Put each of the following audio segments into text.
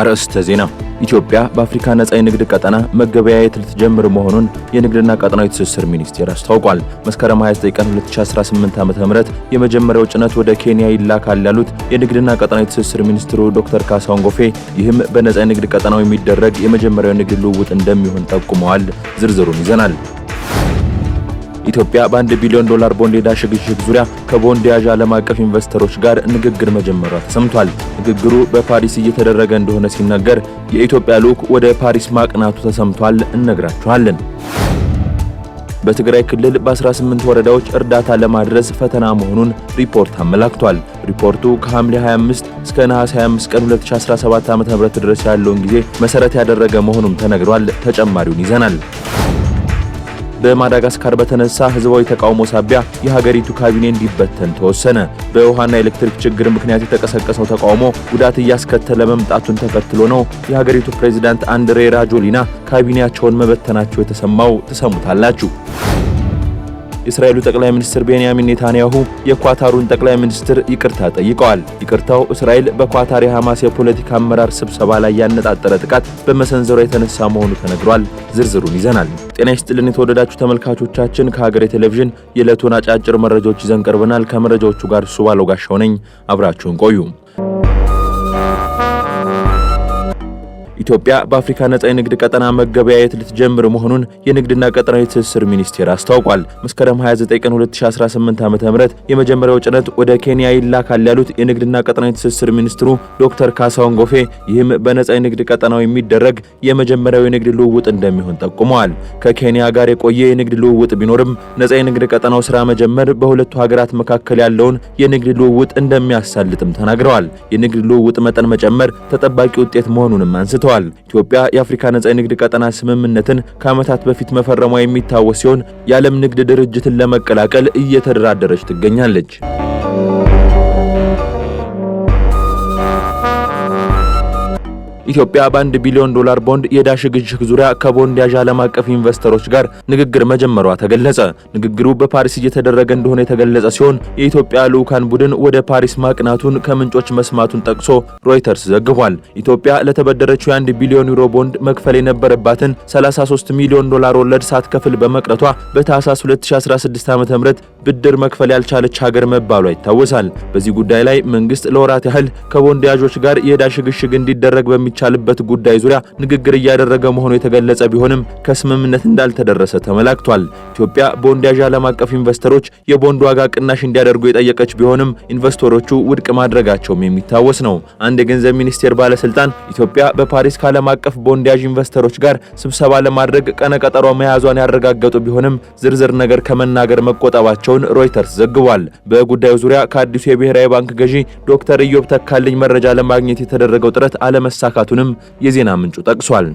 አርዕስተ ዜና ኢትዮጵያ በአፍሪካ ነጻ የንግድ ቀጠና መገበያየት ልትጀምር መሆኑን የንግድና ቀጠናዊ ትስስር ሚኒስቴር አስታውቋል። መስከረም 29 ቀን 2018 ዓ.ም የመጀመሪያው ጭነት ወደ ኬንያ ይላካል ያሉት የንግድና ቀጠናዊ ትስስር ሚኒስትሩ ዶክተር ካሳሁን ጎፌ ይህም በነጻ የንግድ ቀጠናው የሚደረግ የመጀመሪያው ንግድ ልውውጥ እንደሚሆን ጠቁመዋል። ዝርዝሩን ይዘናል። ኢትዮጵያ በአንድ ቢሊዮን ዶላር ቦንድ ዕዳ ሽግሽግ ዙሪያ ከቦንድ ያዥ ዓለም አቀፍ ኢንቨስተሮች ጋር ንግግር መጀመሯ ተሰምቷል። ንግግሩ በፓሪስ እየተደረገ እንደሆነ ሲነገር የኢትዮጵያ ልዑክ ወደ ፓሪስ ማቅናቱ ተሰምቷል። እነግራችኋለን። በትግራይ ክልል በ18 ወረዳዎች እርዳታ ለማድረስ ፈተና መሆኑን ሪፖርት አመላክቷል። ሪፖርቱ ከሐምሌ 25 እስከ ነሐሴ 25 ቀን 2017 ዓ.ም ድረስ ያለውን ጊዜ መሰረት ያደረገ መሆኑም ተነግሯል። ተጨማሪውን ይዘናል። በማዳጋስካር በተነሳ ህዝባዊ ተቃውሞ ሳቢያ የሀገሪቱ ካቢኔ እንዲበተን ተወሰነ። በውሃና ኤሌክትሪክ ችግር ምክንያት የተቀሰቀሰው ተቃውሞ ጉዳት እያስከተለ መምጣቱን ተከትሎ ነው የሀገሪቱ ፕሬዚዳንት አንድሬ ራጆሊና ካቢኔያቸውን መበተናቸው የተሰማው። ትሰሙታላችሁ። የእስራኤሉ ጠቅላይ ሚኒስትር ቤንያሚን ኔታንያሁ የኳታሩን ጠቅላይ ሚኒስትር ይቅርታ ጠይቀዋል። ይቅርታው እስራኤል በኳታር የሐማስ የፖለቲካ አመራር ስብሰባ ላይ ያነጣጠረ ጥቃት በመሰንዘሯ የተነሳ መሆኑ ተነግሯል። ዝርዝሩን ይዘናል። ጤና ይስጥልን የተወደዳችሁ ተመልካቾቻችን፣ ከሀገሬ ቴሌቪዥን የዕለቱን አጫጭር መረጃዎች ይዘን ቀርበናል። ከመረጃዎቹ ጋር ሱባሎ ጋሻው ነኝ። አብራችሁን ቆዩ። ኢትዮጵያ በአፍሪካ ነጻ የንግድ ቀጠና መገበያየት ልትጀምር መሆኑን የንግድና ቀጠናዊ ትስስር ሚኒስቴር አስታውቋል። መስከረም 29 ቀን 2018 ዓ.ም የመጀመሪያው ጭነት ወደ ኬንያ ይላካል ያሉት የንግድና ቀጠናዊ ትስስር ሚኒስትሩ ዶክተር ካሳሁን ጎፌ ይህም በነጻ የንግድ ቀጠናው የሚደረግ የመጀመሪያው የንግድ ልውውጥ እንደሚሆን ጠቁመዋል። ከኬንያ ጋር የቆየ የንግድ ልውውጥ ቢኖርም ነጻ የንግድ ቀጠናው ስራ መጀመር በሁለቱ ሀገራት መካከል ያለውን የንግድ ልውውጥ እንደሚያሳልጥም ተናግረዋል። የንግድ ልውውጥ መጠን መጨመር ተጠባቂ ውጤት መሆኑንም አንስተዋል። ተጠቅሷል። ኢትዮጵያ የአፍሪካ ነጻ የንግድ ቀጠና ስምምነትን ከዓመታት በፊት መፈረሟ የሚታወስ ሲሆን የዓለም ንግድ ድርጅትን ለመቀላቀል እየተደራደረች ትገኛለች። ኢትዮጵያ በአንድ ቢሊዮን ዶላር ቦንድ የዕዳ ሽግሽግ ዙሪያ ከቦንድ ያዥ ዓለም አቀፍ ኢንቨስተሮች ጋር ንግግር መጀመሯ ተገለጸ። ንግግሩ በፓሪስ እየተደረገ እንደሆነ የተገለጸ ሲሆን የኢትዮጵያ ልዑካን ቡድን ወደ ፓሪስ ማቅናቱን ከምንጮች መስማቱን ጠቅሶ ሮይተርስ ዘግቧል። ኢትዮጵያ ለተበደረችው የአንድ ቢሊዮን ዩሮ ቦንድ መክፈል የነበረባትን 33 ሚሊዮን ዶላር ወለድ ሳትከፍል በመቅረቷ በታህሳስ 2016 ዓ.ም ብድር መክፈል ያልቻለች ሀገር መባሏ ይታወሳል። በዚህ ጉዳይ ላይ መንግስት ለወራት ያህል ከቦንድ ያዦች ጋር የዕዳ ሽግሽግ እንዲደረግ በሚ በሚቻልበት ጉዳይ ዙሪያ ንግግር እያደረገ መሆኑ የተገለጸ ቢሆንም ከስምምነት እንዳልተደረሰ ተመላክቷል። ኢትዮጵያ ቦንድ ያዥ ዓለም አቀፍ ኢንቨስተሮች የቦንድ ዋጋ ቅናሽ እንዲያደርጉ የጠየቀች ቢሆንም ኢንቨስተሮቹ ውድቅ ማድረጋቸውም የሚታወስ ነው። አንድ የገንዘብ ሚኒስቴር ባለስልጣን ኢትዮጵያ በፓሪስ ከዓለም አቀፍ ቦንድ ያዥ ኢንቨስተሮች ጋር ስብሰባ ለማድረግ ቀነቀጠሮ መያዟን ያረጋገጡ ቢሆንም ዝርዝር ነገር ከመናገር መቆጠባቸውን ሮይተርስ ዘግቧል። በጉዳዩ ዙሪያ ከአዲሱ የብሔራዊ ባንክ ገዢ ዶክተር ኢዮብ ተካልኝ መረጃ ለማግኘት የተደረገው ጥረት አለመሳካቱ መዘጋቱንም የዜና ምንጩ ጠቅሷል።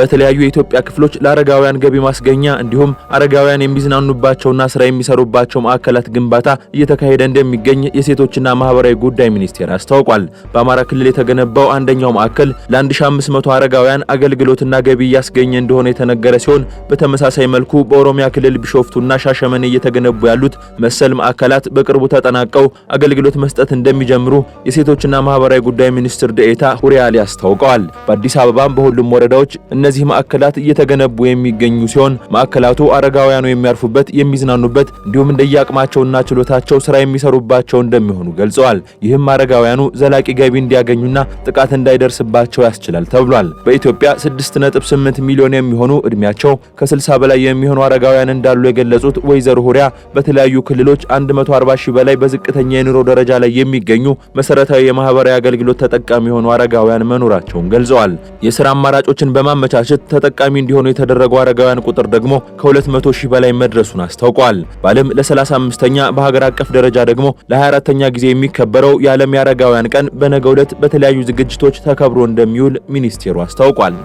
በተለያዩ የኢትዮጵያ ክፍሎች ለአረጋውያን ገቢ ማስገኛ እንዲሁም አረጋውያን የሚዝናኑባቸውና ስራ የሚሰሩባቸው ማዕከላት ግንባታ እየተካሄደ እንደሚገኝ የሴቶችና ማህበራዊ ጉዳይ ሚኒስቴር አስታውቋል። በአማራ ክልል የተገነባው አንደኛው ማዕከል ለ1500 አረጋውያን አገልግሎትና ገቢ እያስገኘ እንደሆነ የተነገረ ሲሆን በተመሳሳይ መልኩ በኦሮሚያ ክልል ቢሾፍቱና ሻሸመኔ እየተገነቡ ያሉት መሰል ማዕከላት በቅርቡ ተጠናቀው አገልግሎት መስጠት እንደሚጀምሩ የሴቶችና ማህበራዊ ጉዳይ ሚኒስትር ደኤታ ሁሪያሊ አስታውቀዋል። በአዲስ አበባም በሁሉም ወረዳዎች እነ እነዚህ ማዕከላት እየተገነቡ የሚገኙ ሲሆን ማዕከላቱ አረጋውያኑ የሚያርፉበት፣ የሚዝናኑበት እንዲሁም እንደየአቅማቸውና ችሎታቸው ስራ የሚሰሩባቸው እንደሚሆኑ ገልጸዋል። ይህም አረጋውያኑ ዘላቂ ገቢ እንዲያገኙና ጥቃት እንዳይደርስባቸው ያስችላል ተብሏል። በኢትዮጵያ 6.8 ሚሊዮን የሚሆኑ እድሜያቸው ከ60 በላይ የሚሆኑ አረጋውያን እንዳሉ የገለጹት ወይዘሮ ሁሪያ በተለያዩ ክልሎች 140 ሺህ በላይ በዝቅተኛ የኑሮ ደረጃ ላይ የሚገኙ መሰረታዊ የማህበራዊ አገልግሎት ተጠቃሚ የሆኑ አረጋውያን መኖራቸውን ገልጸዋል። የስራ አማራጮችን በማመ በማመቻቸት ተጠቃሚ እንዲሆኑ የተደረጉ አረጋውያን ቁጥር ደግሞ ከ200 ሺህ በላይ መድረሱን አስታውቋል። በዓለም ለ35ኛ በሀገር አቀፍ ደረጃ ደግሞ ለ24ኛ ጊዜ የሚከበረው የዓለም የአረጋውያን ቀን በነገው ዕለት በተለያዩ ዝግጅቶች ተከብሮ እንደሚውል ሚኒስቴሩ አስታውቋል።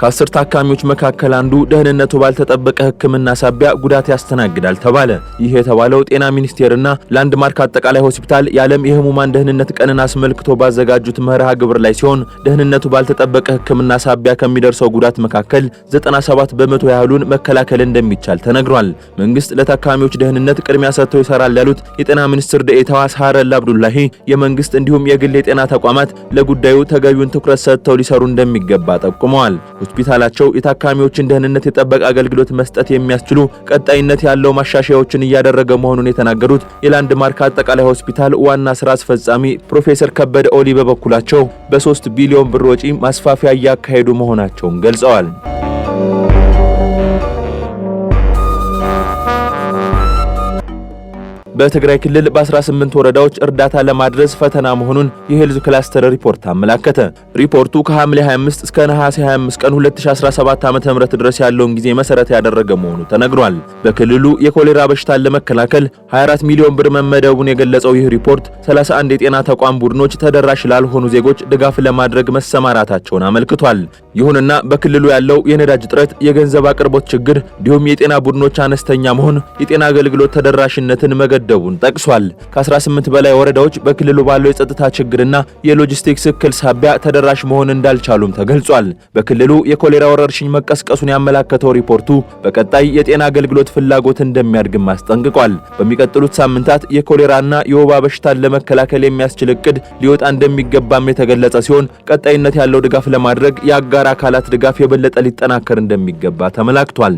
ከአስር ታካሚዎች መካከል አንዱ ደህንነቱ ባልተጠበቀ ሕክምና ሳቢያ ጉዳት ያስተናግዳል ተባለ። ይህ የተባለው ጤና ሚኒስቴርና ላንድማርክ አጠቃላይ ሆስፒታል የዓለም የህሙማን ደህንነት ቀንን አስመልክቶ ባዘጋጁት መርሃ ግብር ላይ ሲሆን ደህንነቱ ባልተጠበቀ ሕክምና ሳቢያ ከሚደርሰው ጉዳት መካከል 97 በመቶ ያህሉን መከላከል እንደሚቻል ተነግሯል። መንግስት ለታካሚዎች ደህንነት ቅድሚያ ሰጥተው ይሰራል ያሉት የጤና ሚኒስትር ደኤታዋ ሳረል አብዱላሂ የመንግስት እንዲሁም የግል የጤና ተቋማት ለጉዳዩ ተገቢውን ትኩረት ሰጥተው ሊሰሩ እንደሚገባ ጠቁመዋል። ሆስፒታላቸው የታካሚዎችን ደህንነት የጠበቀ አገልግሎት መስጠት የሚያስችሉ ቀጣይነት ያለው ማሻሻያዎችን እያደረገ መሆኑን የተናገሩት የላንድማርክ አጠቃላይ ሆስፒታል ዋና ስራ አስፈጻሚ ፕሮፌሰር ከበደ ኦሊ በበኩላቸው በ3 ቢሊዮን ብር ወጪ ማስፋፊያ እያካሄዱ መሆናቸውን ገልጸዋል። በትግራይ ክልል በ18 ወረዳዎች እርዳታ ለማድረስ ፈተና መሆኑን የሄልዝ ክላስተር ሪፖርት አመላከተ። ሪፖርቱ ከሐምሌ 25 እስከ ነሐሴ 25 ቀን 2017 ዓ.ም ድረስ ያለውን ጊዜ መሰረት ያደረገ መሆኑ ተነግሯል። በክልሉ የኮሌራ በሽታን ለመከላከል 24 ሚሊዮን ብር መመደቡን የገለጸው ይህ ሪፖርት 31 የጤና ተቋም ቡድኖች ተደራሽ ላልሆኑ ዜጎች ድጋፍ ለማድረግ መሰማራታቸውን አመልክቷል። ይሁንና በክልሉ ያለው የነዳጅ እጥረት፣ የገንዘብ አቅርቦት ችግር እንዲሁም የጤና ቡድኖች አነስተኛ መሆን የጤና አገልግሎት ተደራሽነትን መገደቡን ጠቅሷል። ከ18 በላይ ወረዳዎች በክልሉ ባለው የጸጥታ ችግርና የሎጂስቲክስ እክል ሳቢያ ተደራሽ መሆን እንዳልቻሉም ተገልጿል። በክልሉ የኮሌራ ወረርሽኝ መቀስቀሱን ያመላከተው ሪፖርቱ በቀጣይ የጤና አገልግሎት ፍላጎት እንደሚያድግም አስጠንቅቋል። በሚቀጥሉት ሳምንታት የኮሌራና የወባ በሽታን ለመከላከል የሚያስችል እቅድ ሊወጣ እንደሚገባም የተገለጸ ሲሆን ቀጣይነት ያለው ድጋፍ ለማድረግ የአጋር አካላት ድጋፍ የበለጠ ሊጠናከር እንደሚገባ ተመላክቷል።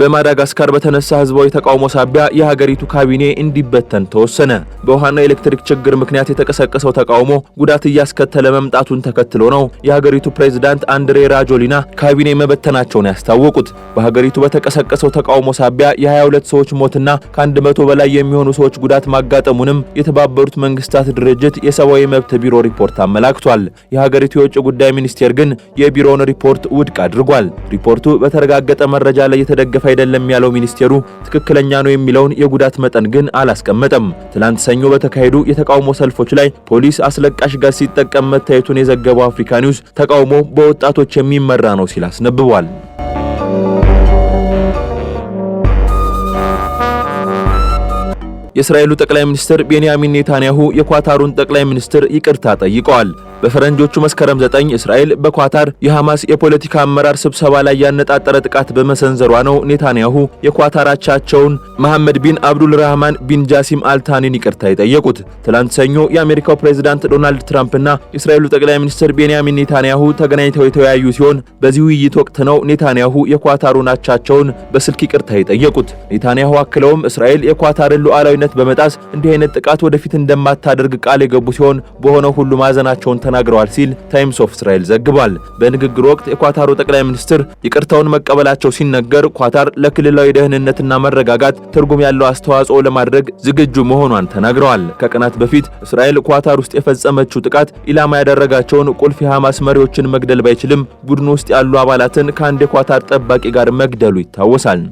በማዳጋስካር በተነሳ ህዝባዊ ተቃውሞ ሳቢያ የሀገሪቱ ካቢኔ እንዲበተን ተወሰነ። በውሃና ኤሌክትሪክ ችግር ምክንያት የተቀሰቀሰው ተቃውሞ ጉዳት እያስከተለ መምጣቱን ተከትሎ ነው የሀገሪቱ ፕሬዝዳንት አንድሬ ራጆሊና ካቢኔ መበተናቸውን ያስታወቁት። በሀገሪቱ በተቀሰቀሰው ተቃውሞ ሳቢያ የ22 ሰዎች ሞትና ከ100 በላይ የሚሆኑ ሰዎች ጉዳት ማጋጠሙንም የተባበሩት መንግስታት ድርጅት የሰብአዊ መብት ቢሮ ሪፖርት አመላክቷል። የሀገሪቱ የውጭ ጉዳይ ሚኒስቴር ግን የቢሮውን ሪፖርት ውድቅ አድርጓል። ሪፖርቱ በተረጋገጠ መረጃ ላይ የተደገፈ አይደለም ያለው ሚኒስቴሩ ትክክለኛ ነው የሚለውን የጉዳት መጠን ግን አላስቀመጠም። ትላንት ሰኞ በተካሄዱ የተቃውሞ ሰልፎች ላይ ፖሊስ አስለቃሽ ጋዝ ሲጠቀም መታየቱን የዘገበው አፍሪካ ኒውስ ተቃውሞ በወጣቶች የሚመራ ነው ሲል አስነብቧል። የእስራኤሉ ጠቅላይ ሚኒስትር ቤንያሚን ኔታንያሁ የኳታሩን ጠቅላይ ሚኒስትር ይቅርታ ጠይቀዋል። በፈረንጆቹ መስከረም 9 እስራኤል በኳታር የሐማስ የፖለቲካ አመራር ስብሰባ ላይ ያነጣጠረ ጥቃት በመሰንዘሯ ነው ኔታንያሁ የኳታራቻቸውን መሐመድ ቢን አብዱል ራህማን ቢን ጃሲም አልታኒን ይቅርታ የጠየቁት። ትላንት ሰኞ የአሜሪካው ፕሬዝዳንት ዶናልድ ትራምፕና የእስራኤሉ ጠቅላይ ሚኒስትር ቤንያሚን ኔታንያሁ ተገናኝተው የተወያዩ ሲሆን በዚህ ውይይት ወቅት ነው ኔታንያሁ የኳታሩን አቻቸውን በስልክ ይቅርታ የጠየቁት። ኔታንያሁ አክለውም እስራኤል የኳታርን ሉዓላዊ ሉዓላዊነት በመጣስ እንዲህ አይነት ጥቃት ወደፊት እንደማታደርግ ቃል የገቡ ሲሆን በሆነው ሁሉ ማዘናቸውን ተናግረዋል ሲል ታይምስ ኦፍ እስራኤል ዘግቧል። በንግግሩ ወቅት የኳታሩ ጠቅላይ ሚኒስትር ይቅርታውን መቀበላቸው ሲነገር ኳታር ለክልላዊ ደህንነትና መረጋጋት ትርጉም ያለው አስተዋጽኦ ለማድረግ ዝግጁ መሆኗን ተናግረዋል። ከቀናት በፊት እስራኤል ኳታር ውስጥ የፈጸመችው ጥቃት ኢላማ ያደረጋቸውን ቁልፍ የሐማስ መሪዎችን መግደል ባይችልም ቡድኑ ውስጥ ያሉ አባላትን ከአንድ የኳታር ጠባቂ ጋር መግደሉ ይታወሳል።